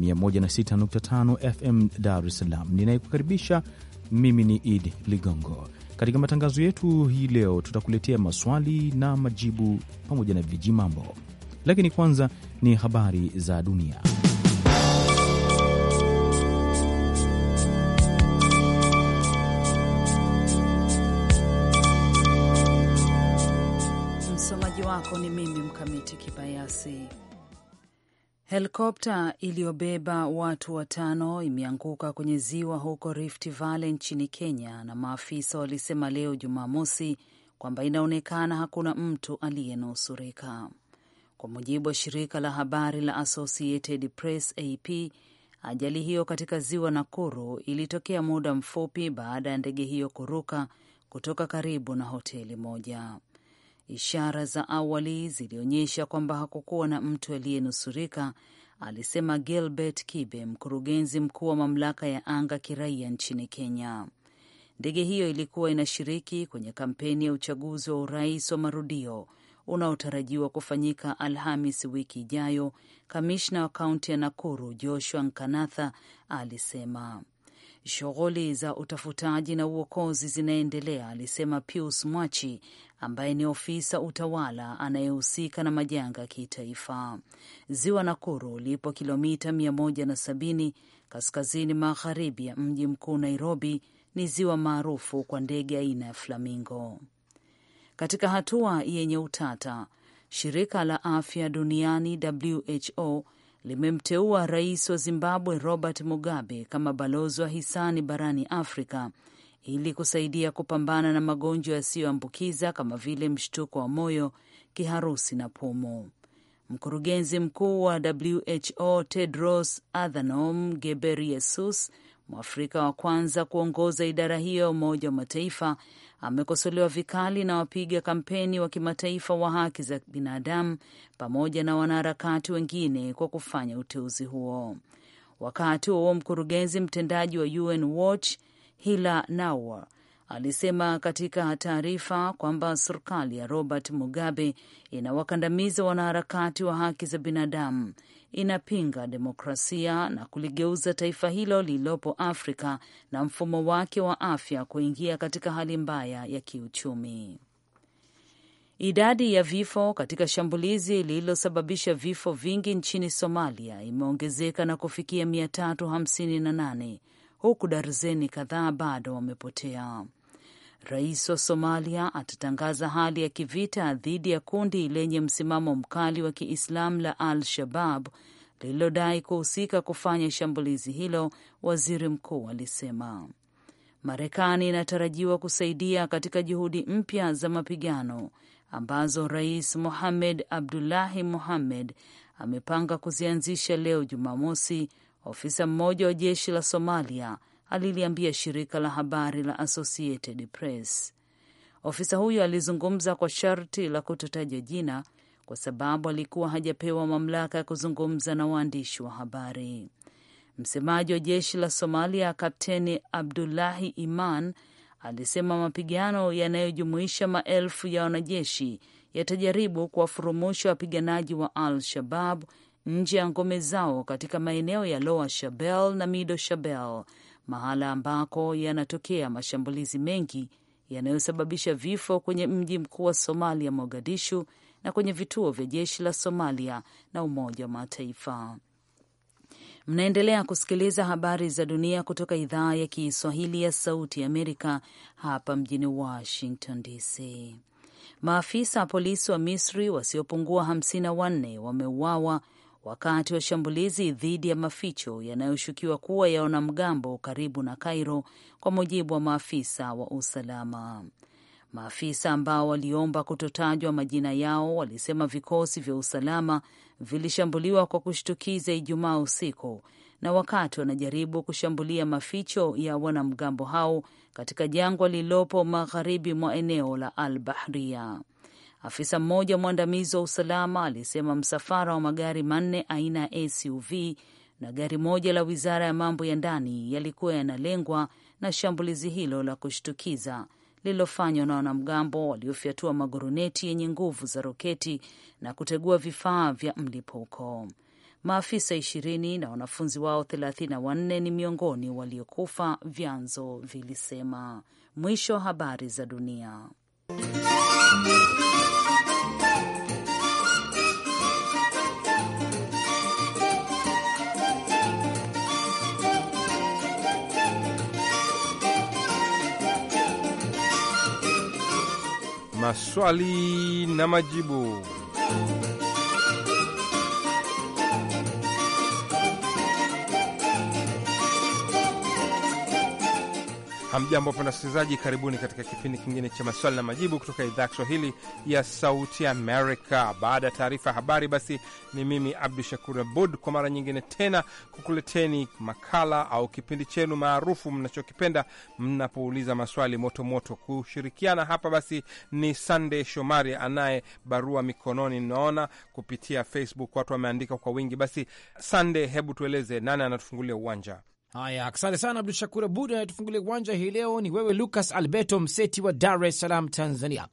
106.5 FM Dar es Salaam. Ninayekukaribisha mimi ni Idi Ligongo. Katika matangazo yetu hii leo tutakuletea maswali na majibu pamoja na viji mambo lakini kwanza ni habari za dunia. Msomaji wako ni mimi Mkamiti Kibayasi. Helikopta iliyobeba watu watano imeanguka kwenye ziwa huko Rift Valley nchini Kenya, na maafisa walisema leo Jumamosi kwamba inaonekana hakuna mtu aliyenusurika. Kwa mujibu wa shirika la habari la Associated Press AP, ajali hiyo katika ziwa Nakuru ilitokea muda mfupi baada ya ndege hiyo kuruka kutoka karibu na hoteli moja. Ishara za awali zilionyesha kwamba hakukuwa na mtu aliyenusurika, alisema Gilbert Kibe, mkurugenzi mkuu wa mamlaka ya anga kiraia nchini Kenya. Ndege hiyo ilikuwa inashiriki kwenye kampeni ya uchaguzi wa urais wa marudio unaotarajiwa kufanyika Alhamis wiki ijayo. Kamishna wa kaunti ya Nakuru Joshua Nkanatha alisema shughuli za utafutaji na uokozi zinaendelea, alisema Pius Mwachi ambaye ni ofisa utawala anayehusika na majanga ya kitaifa. Ziwa Nakuru lipo kilomita 170 kaskazini magharibi ya mji mkuu Nairobi. Ni ziwa maarufu kwa ndege aina ya flamingo. Katika hatua yenye utata, shirika la afya duniani WHO limemteua rais wa Zimbabwe Robert Mugabe kama balozi wa hisani barani Afrika ili kusaidia kupambana na magonjwa yasiyoambukiza kama vile mshtuko wa moyo, kiharusi na pumu. Mkurugenzi mkuu wa WHO Tedros Adhanom Ghebreyesus, Mwafrika wa kwanza kuongoza idara hiyo ya Umoja wa Mataifa, amekosolewa vikali na wapiga kampeni wa kimataifa wa haki za binadamu pamoja na wanaharakati wengine kwa kufanya uteuzi huo. Wakati huo mkurugenzi mtendaji wa UN Watch Hila Naur alisema katika taarifa kwamba serikali ya Robert Mugabe inawakandamiza wanaharakati wa haki za binadamu, inapinga demokrasia na kuligeuza taifa hilo lililopo Afrika na mfumo wake wa afya kuingia katika hali mbaya ya kiuchumi. Idadi ya vifo katika shambulizi lililosababisha vifo vingi nchini Somalia imeongezeka na kufikia 358 huku darzeni kadhaa bado wamepotea. Rais wa Somalia atatangaza hali ya kivita dhidi ya kundi lenye msimamo mkali wa Kiislamu la Al-Shabab lililodai kuhusika kufanya shambulizi hilo, waziri mkuu alisema. Marekani inatarajiwa kusaidia katika juhudi mpya za mapigano ambazo Rais Mohamed Abdullahi Mohamed amepanga kuzianzisha leo Jumamosi, Ofisa mmoja wa jeshi la Somalia aliliambia shirika la habari la Associated Press. Ofisa huyo alizungumza kwa sharti la kutotajwa jina kwa sababu alikuwa hajapewa mamlaka ya kuzungumza na waandishi wa habari. Msemaji wa jeshi la Somalia Kapteni Abdullahi Iman alisema mapigano yanayojumuisha maelfu ya wanajeshi yatajaribu kuwafurumusha wapiganaji wa Al Shabab nje ya ngome zao katika maeneo ya Lower Shabelle na Middle Shabelle, mahala ambako yanatokea mashambulizi mengi yanayosababisha vifo kwenye mji mkuu wa Somalia, Mogadishu, na kwenye vituo vya jeshi la Somalia na Umoja wa Mataifa. Mnaendelea kusikiliza habari za dunia kutoka idhaa ya Kiswahili ya Sauti ya Amerika hapa mjini Washington DC. Maafisa wa polisi wa Misri wasiopungua hamsini na wanne wameuawa wakati wa shambulizi dhidi ya maficho yanayoshukiwa kuwa ya wanamgambo karibu na Cairo, kwa mujibu wa maafisa wa usalama. Maafisa ambao waliomba kutotajwa majina yao walisema vikosi vya usalama vilishambuliwa kwa kushtukiza Ijumaa usiku na wakati wanajaribu kushambulia maficho ya wanamgambo hao katika jangwa lililopo magharibi mwa eneo la Al Bahria. Afisa mmoja mwandamizi wa usalama alisema msafara wa magari manne aina ya SUV na gari moja la wizara ya mambo ya ndani yalikuwa yanalengwa na shambulizi hilo la kushtukiza lililofanywa na wanamgambo waliofyatua maguruneti yenye nguvu za roketi na kutegua vifaa vya mlipuko. Maafisa ishirini na wanafunzi wao thelathini na wanne ni miongoni waliokufa, vyanzo vilisema. Mwisho habari za dunia. Maswali na majibu. Hamjambo wapenda wasikilizaji, karibuni katika kipindi kingine cha maswali na majibu kutoka idhaa ya Kiswahili ya Sauti Amerika. Baada ya taarifa ya habari, basi ni mimi Abdu Shakur Abud kwa mara nyingine tena kukuleteni makala au kipindi chenu maarufu mnachokipenda mnapouliza maswali motomoto moto. Kushirikiana hapa basi ni Sandey Shomari anaye barua mikononi, naona kupitia Facebook watu wameandika kwa wingi. Basi Sandey, hebu tueleze nani anatufungulia uwanja? Haya, asante sana Abdu Shakur Abud. Anayetufungulia eh, uwanja hii leo ni wewe Lucas Alberto Mseti wa Dar es Salaam, Tanzania.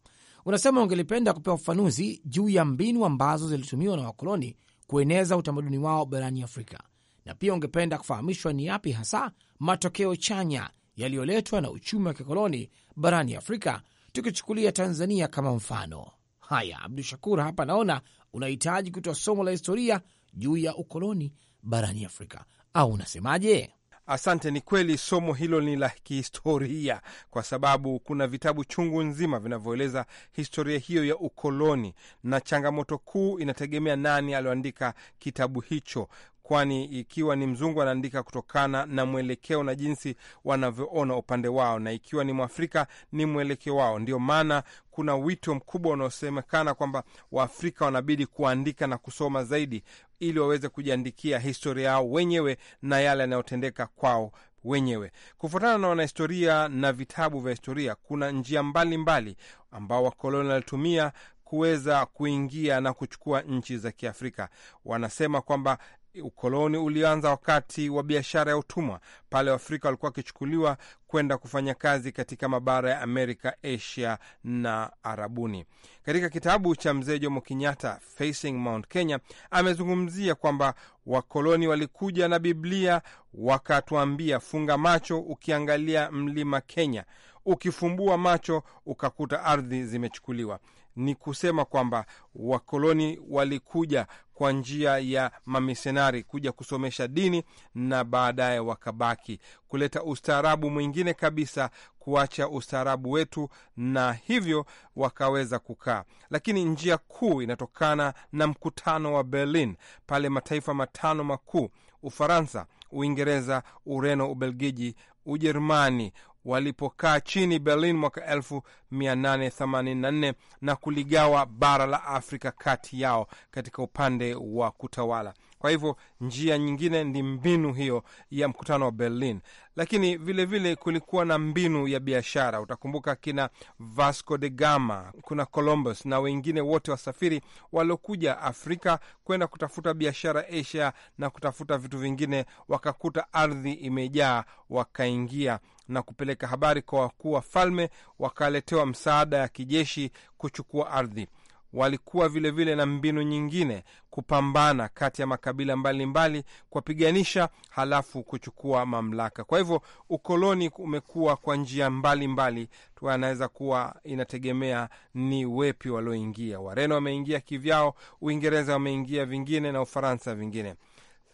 Unasema ungelipenda kupewa ufafanuzi juu ya mbinu ambazo zilitumiwa na wakoloni kueneza utamaduni wao barani Afrika, na pia ungependa kufahamishwa ni yapi hasa matokeo chanya yaliyoletwa na uchumi wa kikoloni barani Afrika, tukichukulia Tanzania kama mfano. Haya, Abdu Shakur, hapa naona unahitaji kutoa somo la historia juu ya ukoloni barani Afrika, au unasemaje? Asante. Ni kweli somo hilo ni la kihistoria, kwa sababu kuna vitabu chungu nzima vinavyoeleza historia hiyo ya ukoloni, na changamoto kuu inategemea nani alioandika kitabu hicho, kwani ikiwa ni mzungu anaandika kutokana na mwelekeo na jinsi wanavyoona upande wao, na ikiwa ni mwafrika ni mwelekeo wao. Ndio maana kuna wito mkubwa unaosemekana kwamba waafrika wanabidi kuandika na kusoma zaidi, ili waweze kujiandikia historia yao wenyewe na yale yanayotendeka kwao wenyewe. Kufuatana na wanahistoria na vitabu vya historia, kuna njia mbalimbali ambao wakoloni walitumia kuweza kuingia na kuchukua nchi za Kiafrika. Wanasema kwamba Ukoloni ulianza wakati wa biashara ya utumwa, pale Waafrika walikuwa wakichukuliwa kwenda kufanya kazi katika mabara ya Amerika, Asia na Arabuni. Katika kitabu cha mzee Jomo Kenyatta, Facing Mount Kenya, amezungumzia kwamba wakoloni walikuja na Biblia wakatuambia, funga macho ukiangalia mlima Kenya, ukifumbua macho ukakuta ardhi zimechukuliwa ni kusema kwamba wakoloni walikuja kwa njia ya mamisionari kuja kusomesha dini na baadaye wakabaki kuleta ustaarabu mwingine kabisa, kuacha ustaarabu wetu, na hivyo wakaweza kukaa. Lakini njia kuu inatokana na mkutano wa Berlin, pale mataifa matano makuu Ufaransa, Uingereza, Ureno, Ubelgiji, Ujerumani walipokaa chini Berlin mwaka 1884 na kuligawa bara la Afrika kati yao katika upande wa kutawala. Kwa hivyo njia nyingine ni mbinu hiyo ya mkutano wa Berlin, lakini vilevile vile kulikuwa na mbinu ya biashara. Utakumbuka kina Vasco de Gama, kuna Columbus na wengine wote wasafiri waliokuja Afrika kwenda kutafuta biashara Asia na kutafuta vitu vingine, wakakuta ardhi imejaa, wakaingia na kupeleka habari kwa wakuu wa falme, wakaletewa msaada ya kijeshi kuchukua ardhi walikuwa vilevile vile na mbinu nyingine kupambana kati ya makabila mbalimbali kuwapiganisha, halafu kuchukua mamlaka. Kwa hivyo ukoloni umekuwa kwa njia mbalimbali, anaweza kuwa inategemea ni wepi walioingia. Wareno wameingia kivyao, Uingereza wameingia vingine, na Ufaransa vingine.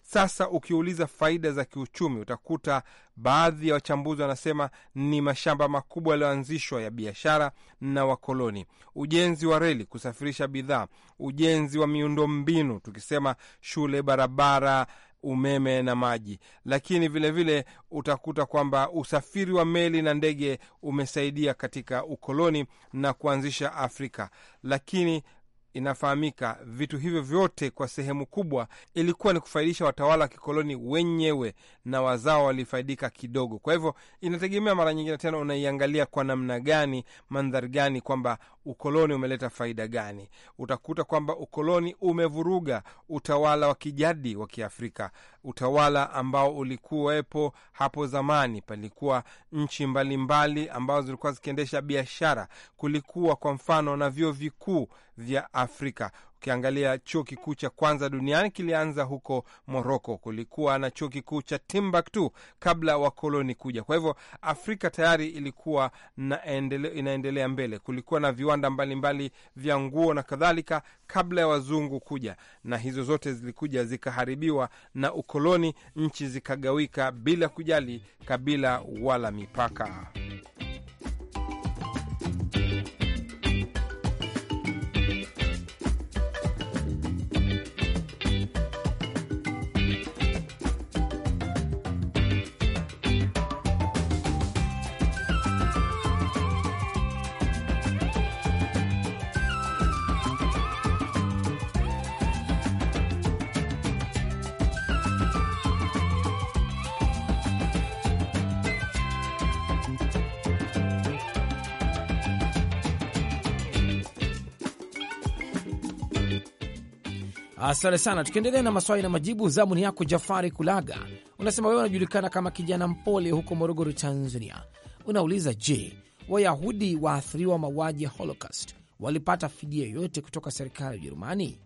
Sasa ukiuliza faida za kiuchumi, utakuta baadhi ya wachambuzi wanasema ni mashamba makubwa yaliyoanzishwa ya biashara na wakoloni, ujenzi wa reli kusafirisha bidhaa, ujenzi wa miundombinu, tukisema shule, barabara umeme na maji, lakini vilevile vile utakuta kwamba usafiri wa meli na ndege umesaidia katika ukoloni na kuanzisha Afrika. Lakini Inafahamika vitu hivyo vyote kwa sehemu kubwa ilikuwa ni kufaidisha watawala wa kikoloni wenyewe, na wazao walifaidika kidogo. Kwa hivyo inategemea, mara nyingine tena unaiangalia kwa namna gani, mandhari gani, kwamba ukoloni umeleta faida gani. Utakuta kwamba ukoloni umevuruga utawala wa kijadi wa Kiafrika, utawala ambao ulikuwepo hapo zamani. Palikuwa nchi mbalimbali ambazo zilikuwa zikiendesha biashara, kulikuwa kwa mfano na vyuo vikuu vya Afrika. Ukiangalia chuo kikuu cha kwanza duniani kilianza huko Moroko, kulikuwa na chuo kikuu cha Timbuktu kabla wakoloni kuja. Kwa hivyo Afrika tayari ilikuwa naendele, inaendelea mbele. Kulikuwa na viwanda mbalimbali vya nguo na kadhalika kabla ya wazungu kuja, na hizo zote zilikuja zikaharibiwa na ukoloni, nchi zikagawika bila kujali kabila wala mipaka. Asante sana. Tukiendelea na maswali na majibu, zamuni yako Jafari Kulaga, unasema wewe unajulikana kama kijana mpole huko Morogoro, Tanzania. Unauliza, je, Wayahudi waathiriwa mauaji ya Holocaust walipata fidia yoyote kutoka serikali ya Ujerumani?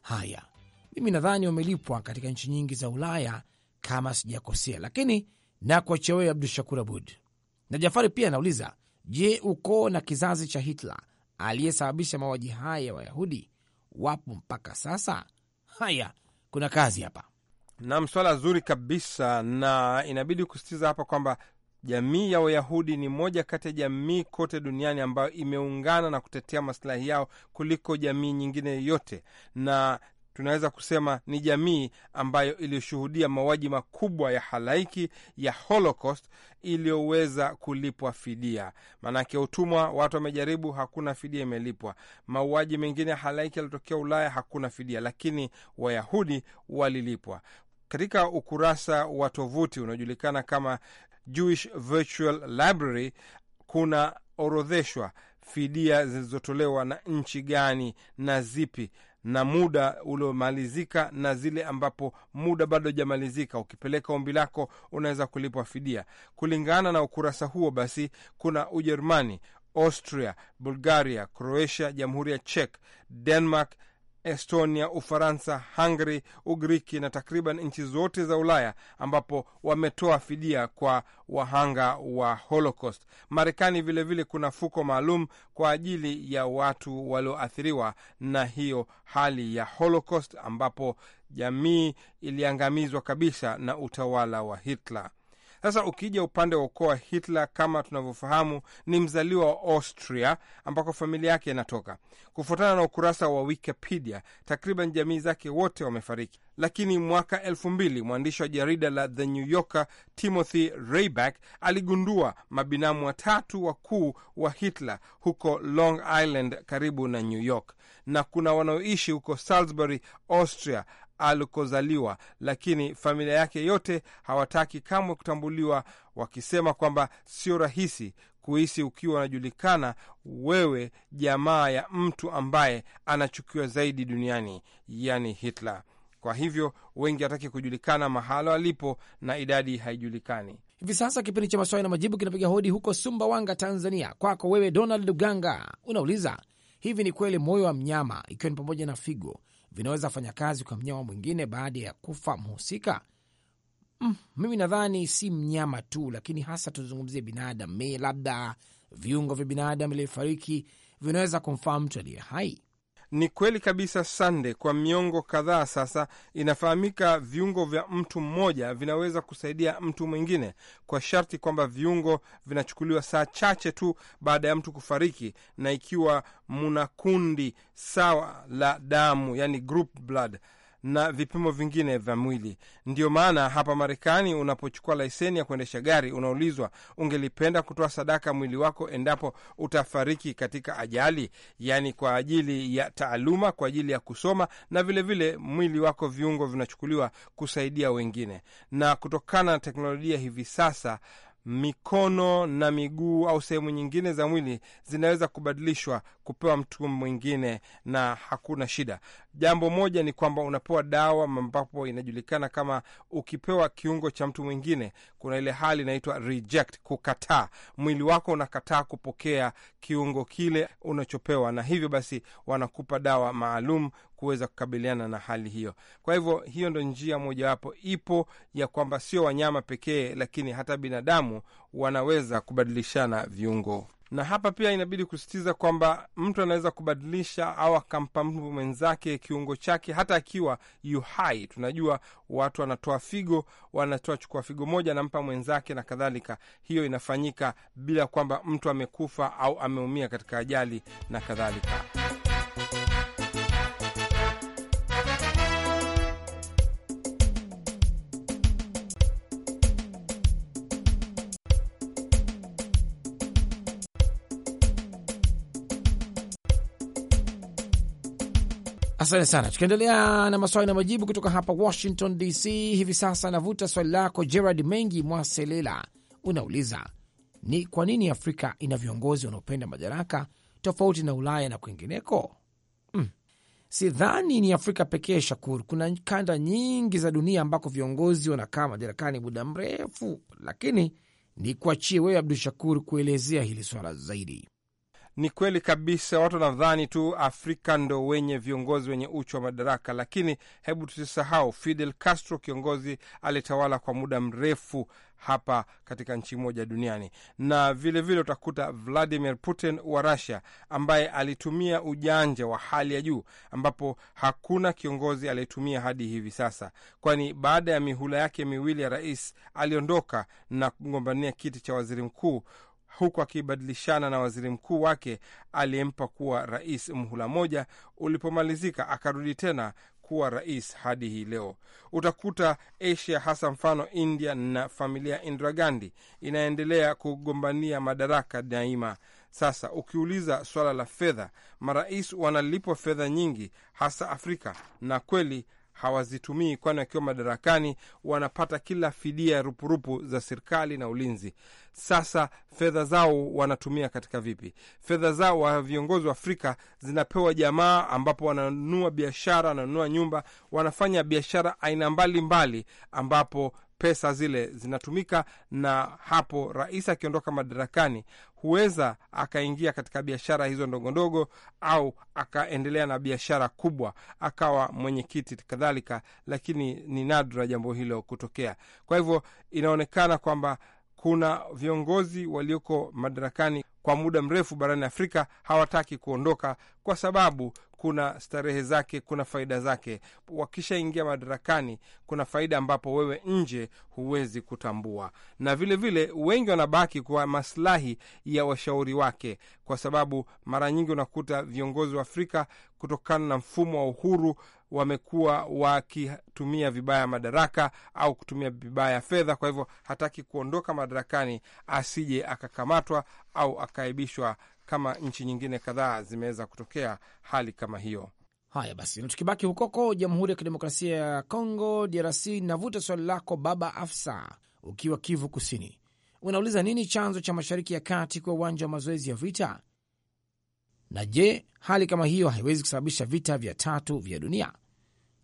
Haya, mimi nadhani wamelipwa katika nchi nyingi za Ulaya kama sijakosea, lakini nakuachia wewe Abdu Shakur Abud. Na Jafari pia anauliza, je, ukoo na kizazi cha Hitler aliyesababisha mauaji haya ya Wayahudi wapo mpaka sasa. Haya, kuna kazi hapa nam, swala zuri kabisa, na inabidi kusisitiza hapa kwamba jamii ya Wayahudi ni moja kati ya jamii kote duniani ambayo imeungana na kutetea masilahi yao kuliko jamii nyingine yoyote, na tunaweza kusema ni jamii ambayo iliyoshuhudia mauaji makubwa ya halaiki ya Holocaust iliyoweza kulipwa fidia. Maanake utumwa, watu wamejaribu, hakuna fidia imelipwa. Mauaji mengine ya halaiki yalitokea Ulaya, hakuna fidia, lakini Wayahudi walilipwa. Katika ukurasa wa tovuti unaojulikana kama Jewish Virtual Library kuna orodheshwa fidia zilizotolewa na nchi gani na zipi na muda uliomalizika na zile ambapo muda bado hajamalizika. Ukipeleka ombi lako unaweza kulipwa fidia kulingana na ukurasa huo. Basi kuna Ujerumani, Austria, Bulgaria, Croatia, Jamhuri ya Czech, Denmark Estonia, Ufaransa, Hungary, Ugiriki na takriban nchi zote za Ulaya ambapo wametoa fidia kwa wahanga wa Holocaust. Marekani vilevile kuna fuko maalum kwa ajili ya watu walioathiriwa na hiyo hali ya Holocaust, ambapo jamii iliangamizwa kabisa na utawala wa Hitler. Sasa ukija upande wa ukoo wa Hitler, kama tunavyofahamu, ni mzaliwa wa Austria ambako familia yake inatoka. Kufuatana na ukurasa wa Wikipedia, takriban jamii zake wote wamefariki, lakini mwaka elfu mbili mwandishi wa jarida la The New Yorker Timothy Rayback aligundua mabinamu watatu wakuu wa Hitler huko Long Island karibu na New York, na kuna wanaoishi huko Salisbury, Austria alikozaliwa, lakini familia yake yote hawataki kamwe kutambuliwa, wakisema kwamba sio rahisi kuhisi ukiwa unajulikana wewe jamaa ya mtu ambaye anachukiwa zaidi duniani, yani Hitler. Kwa hivyo wengi hataki kujulikana mahala alipo na idadi haijulikani hivi sasa. Kipindi cha maswali na majibu kinapiga hodi huko Sumbawanga, Tanzania. Kwako wewe Donald Luganga, unauliza hivi, ni kweli moyo wa mnyama ikiwa ni pamoja na figo vinaweza fanya kazi kwa mnyama mwingine baada ya kufa mhusika? Mm, mimi nadhani si mnyama tu, lakini hasa tuzungumzie binadamu. Me labda viungo vya binadamu aliyefariki vinaweza kumfaa mtu aliye hai. Ni kweli kabisa Sande. Kwa miongo kadhaa sasa, inafahamika viungo vya mtu mmoja vinaweza kusaidia mtu mwingine, kwa sharti kwamba viungo vinachukuliwa saa chache tu baada ya mtu kufariki, na ikiwa muna kundi sawa la damu, yani group blood na vipimo vingine vya mwili. Ndiyo maana hapa Marekani unapochukua leseni ya kuendesha gari unaulizwa, ungelipenda kutoa sadaka mwili wako endapo utafariki katika ajali, yaani kwa ajili ya taaluma, kwa ajili ya kusoma, na vilevile vile mwili wako, viungo vinachukuliwa kusaidia wengine. Na kutokana na teknolojia hivi sasa mikono na miguu au sehemu nyingine za mwili zinaweza kubadilishwa kupewa mtu mwingine na hakuna shida. Jambo moja ni kwamba unapewa dawa ambapo inajulikana kama ukipewa kiungo cha mtu mwingine, kuna ile hali inaitwa reject, kukataa. Mwili wako unakataa kupokea kiungo kile unachopewa, na hivyo basi wanakupa dawa maalum kuweza kukabiliana na hali hiyo. Kwa hivyo hiyo ndo njia mojawapo ipo ya kwamba sio wanyama pekee, lakini hata binadamu wanaweza kubadilishana viungo na hapa pia inabidi kusisitiza kwamba mtu anaweza kubadilisha au akampa mtu mwenzake kiungo chake hata akiwa yu hai. Tunajua watu wanatoa figo, wanatoa chukua figo moja, anampa mwenzake na kadhalika. Hiyo inafanyika bila kwamba mtu amekufa au ameumia katika ajali na kadhalika. Asante sana. Tukiendelea na maswali na majibu kutoka hapa Washington DC, hivi sasa anavuta swali lako Gerard Mengi Mwaselela, unauliza ni kwa nini Afrika ina viongozi wanaopenda madaraka tofauti na Ulaya na kwingineko? Mm, sidhani ni Afrika pekee Shakur. Kuna kanda nyingi za dunia ambako viongozi wanakaa madarakani muda mrefu, lakini ni kuachie wewe Abdu Shakur kuelezea hili swala zaidi. Ni kweli kabisa, watu wanadhani tu Afrika ndo wenye viongozi wenye uchu wa madaraka, lakini hebu tusisahau Fidel Castro, kiongozi alitawala kwa muda mrefu hapa katika nchi moja duniani, na vilevile vile utakuta Vladimir Putin wa Russia ambaye alitumia ujanja wa hali ya juu, ambapo hakuna kiongozi aliyetumia hadi hivi sasa, kwani baada ya mihula yake miwili ya rais aliondoka na kugombania kiti cha waziri mkuu huku akibadilishana na waziri mkuu wake aliyempa kuwa rais mhula moja. Ulipomalizika akarudi tena kuwa rais hadi hii leo. Utakuta Asia, hasa mfano India na familia Indira Gandhi inaendelea kugombania madaraka daima. Sasa ukiuliza swala la fedha, marais wanalipwa fedha nyingi, hasa Afrika, na kweli hawazitumii, kwani wakiwa madarakani wanapata kila fidia ya rupurupu za serikali na ulinzi. Sasa fedha zao wanatumia katika vipi? Fedha zao wa viongozi wa Afrika zinapewa jamaa, ambapo wananunua biashara, wananunua nyumba, wanafanya biashara aina mbalimbali, ambapo pesa zile zinatumika, na hapo rais akiondoka madarakani huweza akaingia katika biashara hizo ndogondogo au akaendelea na biashara kubwa, akawa mwenyekiti kadhalika, lakini ni nadra jambo hilo kutokea. Kwa hivyo inaonekana kwamba kuna viongozi walioko madarakani kwa muda mrefu barani Afrika hawataki kuondoka kwa sababu kuna starehe zake, kuna faida zake. Wakishaingia madarakani, kuna faida ambapo wewe nje huwezi kutambua, na vilevile vile, wengi wanabaki kwa maslahi ya washauri wake, kwa sababu mara nyingi unakuta viongozi wa Afrika kutokana na mfumo wa uhuru wamekuwa wakitumia vibaya madaraka au kutumia vibaya fedha. Kwa hivyo hataki kuondoka madarakani asije akakamatwa au akaibishwa kama nchi nyingine kadhaa zimeweza kutokea hali kama hiyo. Haya basi, na tukibaki hukoko Jamhuri ya Kidemokrasia ya Kongo, DRC, navuta swali lako Baba Afsa ukiwa Kivu Kusini, unauliza nini chanzo cha Mashariki ya Kati kwa uwanja wa mazoezi ya vita, na je, hali kama hiyo haiwezi kusababisha vita vya tatu vya dunia?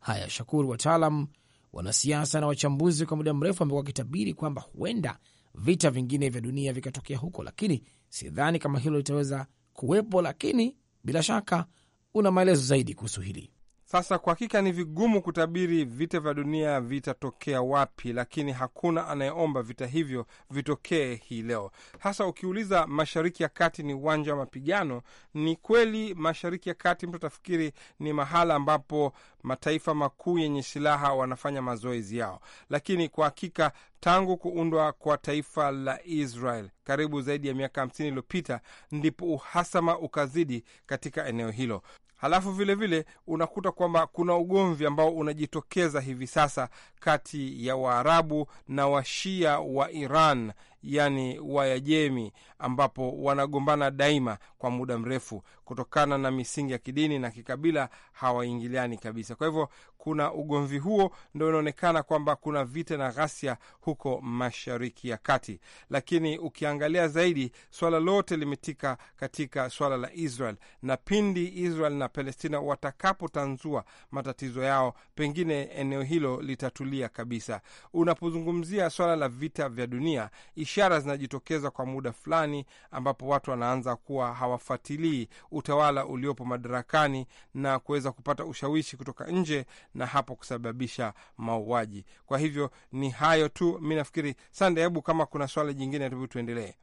Haya, Shakuru, wataalam wanasiasa na wachambuzi kwa muda mrefu wamekuwa wakitabiri kwamba huenda vita vingine vya dunia vikatokea huko, lakini Sidhani kama hilo litaweza kuwepo, lakini bila shaka una maelezo zaidi kuhusu hili. Sasa kwa hakika ni vigumu kutabiri vita vya dunia vitatokea wapi, lakini hakuna anayeomba vita hivyo vitokee hii leo. Sasa ukiuliza mashariki ya kati ni uwanja wa mapigano, ni kweli. Mashariki ya kati mtu atafikiri ni mahala ambapo mataifa makuu yenye silaha wanafanya mazoezi yao, lakini kwa hakika tangu kuundwa kwa taifa la Israel karibu zaidi ya miaka hamsini iliyopita ndipo uhasama ukazidi katika eneo hilo. Halafu vile vile, unakuta kwamba kuna ugomvi ambao unajitokeza hivi sasa kati ya Waarabu na Washia wa Iran yani Wayajemi, ambapo wanagombana daima kwa muda mrefu kutokana na misingi ya kidini na kikabila, hawaingiliani kabisa. Kwa hivyo kuna ugomvi huo, ndo inaonekana kwamba kuna vita na ghasia huko Mashariki ya Kati. Lakini ukiangalia zaidi, swala lote limetika katika swala la Israel, na pindi Israel na Palestina watakapotanzua matatizo yao, pengine eneo hilo litatulia kabisa. Unapozungumzia swala la vita vya dunia ishara zinajitokeza kwa muda fulani, ambapo watu wanaanza kuwa hawafuatilii utawala uliopo madarakani na kuweza kupata ushawishi kutoka nje, na hapo kusababisha mauaji. Kwa hivyo ni hayo tu, mi nafikiri. Sande, hebu kama kuna swala jingine tu tuendelee.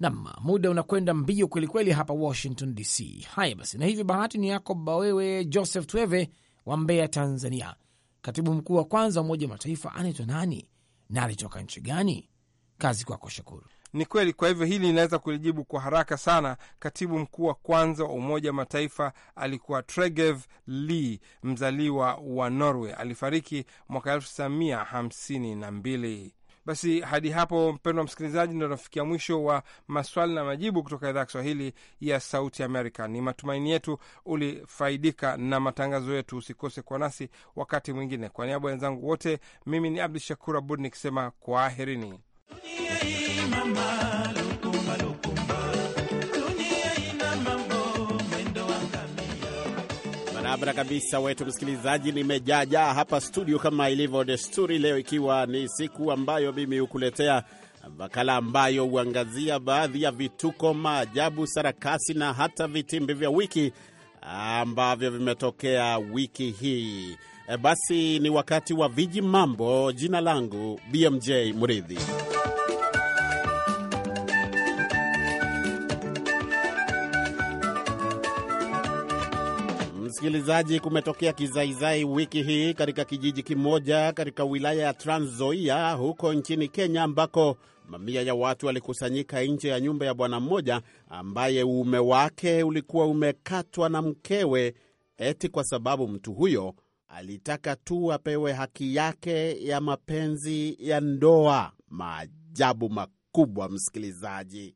Nam, muda unakwenda mbio kwelikweli hapa Washington DC. Haya basi, na hivyo bahati ni yako bawewe Joseph Tweve wa Mbeya, Tanzania. Katibu mkuu wa kwanza wa Umoja wa Mataifa anaitwa nani na alitoka nchi gani? Kazi kwako Shukuru. Ni kweli. Kwa hivyo hili linaweza kulijibu kwa haraka sana. Katibu mkuu wa kwanza wa Umoja wa Mataifa alikuwa Tregev Lee, mzaliwa wa Norway. Alifariki mwaka mbili. Basi hadi hapo, mpendwa msikilizaji, ndo tunafikia mwisho wa maswali na majibu kutoka idhaa ya Kiswahili ya Sauti Amerika. Ni matumaini yetu ulifaidika na matangazo yetu. Usikose kwa nasi wakati mwingine. Kwa niaba ya wenzangu wote, mimi ni Abdu Shakur Abud nikisema kwaherini. Barabara kabisa, wetu msikilizaji, nimejaajaa hapa studio kama ilivyo desturi, leo ikiwa ni siku ambayo mimi hukuletea makala ambayo huangazia baadhi ya vituko, maajabu, sarakasi na hata vitimbi vya wiki ambavyo vimetokea wiki hii. E, basi ni wakati wa viji mambo. Jina langu BMJ Muridhi. msikilizaji, kumetokea kizaizai wiki hii katika kijiji kimoja katika wilaya ya Trans Nzoia huko nchini Kenya, ambako mamia ya watu walikusanyika nje ya nyumba ya bwana mmoja ambaye uume wake ulikuwa umekatwa na mkewe, eti kwa sababu mtu huyo alitaka tu apewe haki yake ya mapenzi ya ndoa. Maajabu makubwa, msikilizaji.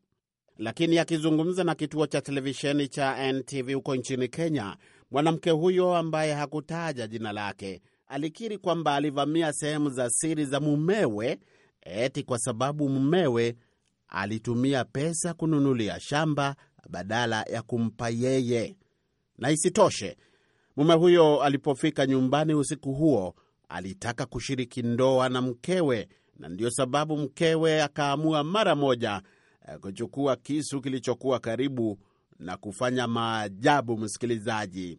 Lakini akizungumza na kituo cha televisheni cha NTV huko nchini Kenya, Mwanamke huyo ambaye hakutaja jina lake alikiri kwamba alivamia sehemu za siri za mumewe eti kwa sababu mumewe alitumia pesa kununulia shamba badala ya kumpa yeye. Na isitoshe, mume huyo alipofika nyumbani usiku huo alitaka kushiriki ndoa na mkewe, na ndiyo sababu mkewe akaamua mara moja eh, kuchukua kisu kilichokuwa karibu na kufanya maajabu, msikilizaji.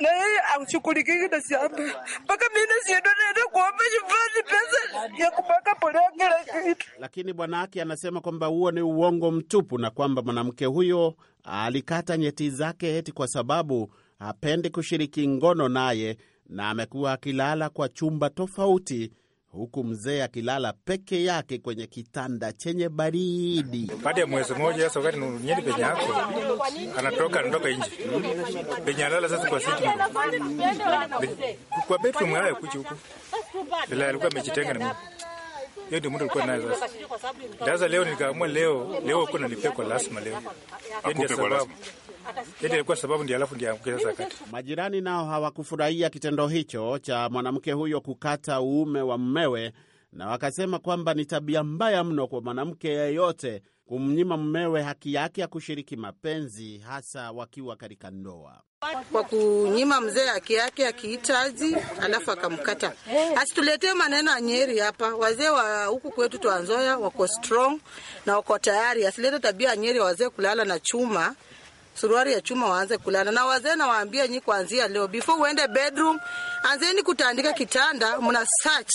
na yeye ashughulikie na shamba mpaka mimi nasienda naenda kuomba nyumbani pesa ya kumwaga polea kila kitu. Lakini bwana bwanake anasema kwamba huo ni uongo mtupu na kwamba mwanamke huyo alikata nyeti zake eti kwa sababu hapendi kushiriki ngono naye na amekuwa akilala kwa chumba tofauti huku mzee akilala peke yake kwenye kitanda chenye baridi. Baada ya mwezi mmoja sasa, wakati nyeli penye ako anatoka anatoka nje penye alala sasa, kwa siti kwa betu mwala kuchi huko, ila alikuwa amejitenga na mimi. Hiyo ndio mtu alikuwa naye sasa. Sasa leo nikaamua, leo leo kuna nalipia kwa lazima, leo ndio sababu ilikuwa sababu ndio, alafu ndio anguke sasa kati. Majirani nao hawakufurahia kitendo hicho cha mwanamke huyo kukata uume wa mmewe, na wakasema kwamba ni tabia mbaya mno kwa mwanamke yeyote kumnyima mmewe haki yake ya kushiriki mapenzi, hasa wakiwa katika ndoa kwa kunyima mzee haki yake akihitaji, alafu akamkata. Asituletee maneno anyeri hapa. Wazee wa huku kwetu Twanzoya wako strong na wako tayari, asilete tabia anyeri, wazee kulala na chuma suruari ya chuma waanze kulala. Na wazee nawaambia nyi, kuanzia leo, before uende bedroom, anzeni kutandika kitanda, mna search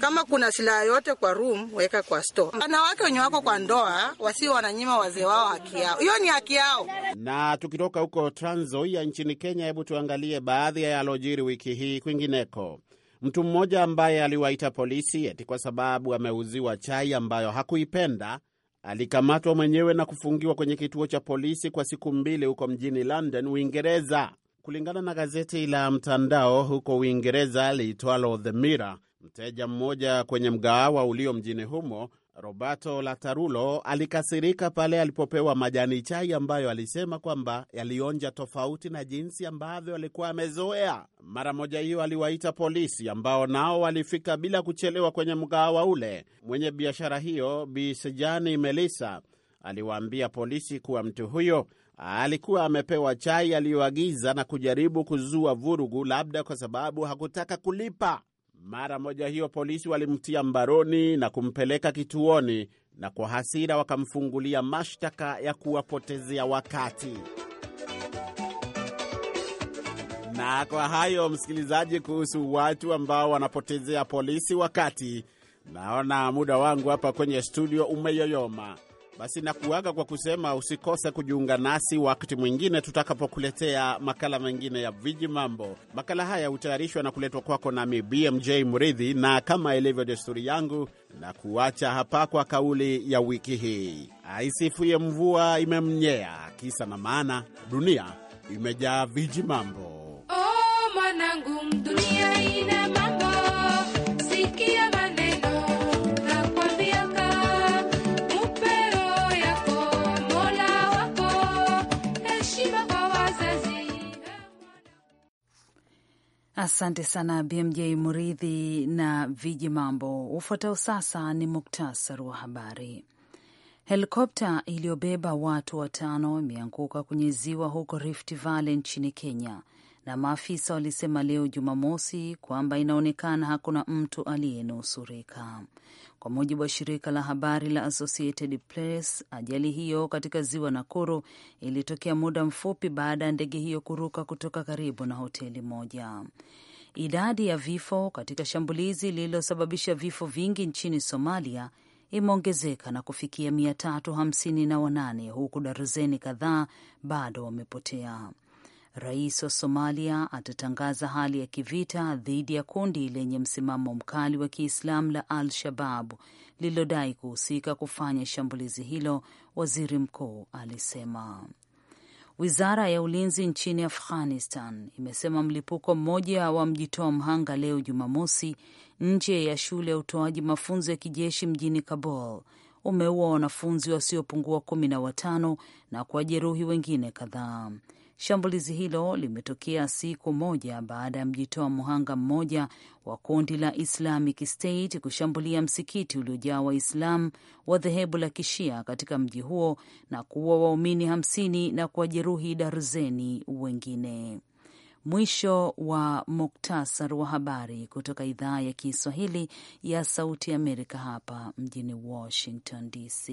kama kuna silaha yote kwa room, weka kwa store. Wanawake wenye wako kwa ndoa wasio wananyima wazee wao haki yao, hiyo ni haki yao. Na tukitoka huko Trans Nzoia nchini Kenya, hebu tuangalie baadhi ya yalojiri wiki hii kwingineko. Mtu mmoja ambaye aliwaita polisi eti kwa sababu ameuziwa chai ambayo hakuipenda alikamatwa mwenyewe na kufungiwa kwenye kituo cha polisi kwa siku mbili huko mjini London, Uingereza. Kulingana na gazeti la mtandao huko Uingereza liitwalo The Mirror, mteja mmoja kwenye mgahawa ulio mjini humo Roberto Latarulo alikasirika pale alipopewa majani chai ambayo alisema kwamba yalionja tofauti na jinsi ambavyo alikuwa amezoea. Mara moja hiyo aliwaita polisi ambao nao walifika bila kuchelewa kwenye mgahawa ule. Mwenye biashara hiyo Bi Sejani Melissa aliwaambia polisi kuwa mtu huyo alikuwa amepewa chai aliyoagiza na kujaribu kuzua vurugu, labda kwa sababu hakutaka kulipa. Mara moja hiyo polisi walimtia mbaroni na kumpeleka kituoni, na kwa hasira wakamfungulia mashtaka ya kuwapotezea wakati. Na kwa hayo, msikilizaji, kuhusu watu ambao wanapotezea polisi wakati, naona muda wangu hapa kwenye studio umeyoyoma. Basi nakuaga kwa kusema usikose kujiunga nasi wakati mwingine tutakapokuletea makala mengine ya viji mambo. Makala haya hutayarishwa na kuletwa kwako nami BMJ Mridhi, na kama ilivyo desturi yangu, na kuacha hapa kwa kauli ya wiki hii, aisifuye mvua imemnyea, kisa na maana dunia imejaa viji mambo. Oh, mwanangu, dunia ina Asante sana BMJ Muridhi na Viji Mambo. Ufuatao sasa ni muktasari wa habari. Helikopta iliyobeba watu watano imeanguka kwenye ziwa huko Rift Valley nchini Kenya, na maafisa walisema leo Jumamosi kwamba inaonekana hakuna mtu aliyenusurika. Kwa mujibu wa shirika la habari la Associated Press, ajali hiyo katika ziwa Nakuru ilitokea muda mfupi baada ya ndege hiyo kuruka kutoka karibu na hoteli moja. Idadi ya vifo katika shambulizi lililosababisha vifo vingi nchini Somalia imeongezeka na kufikia mia tatu hamsini na wanane huku darazeni kadhaa bado wamepotea. Rais wa Somalia atatangaza hali ya kivita dhidi ya kundi lenye msimamo mkali wa Kiislamu la Al Shababu lililodai kuhusika kufanya shambulizi hilo, waziri mkuu alisema. Wizara ya ulinzi nchini Afghanistan imesema mlipuko mmoja wa mjitoa mhanga leo Jumamosi nje ya shule ya utoaji mafunzo ya kijeshi mjini Kabul umeua wanafunzi wasiopungua kumi na watano na kuwajeruhi wengine kadhaa. Shambulizi hilo limetokea siku moja baada ya mjitoa mhanga mmoja wa kundi la Islamic State kushambulia msikiti uliojaa waislam wa dhehebu la Kishia katika mji huo na kuua waumini hamsini na kuwajeruhi darzeni wengine. Mwisho wa muktasar wa habari kutoka idhaa ya Kiswahili ya Sauti Amerika hapa mjini Washington DC.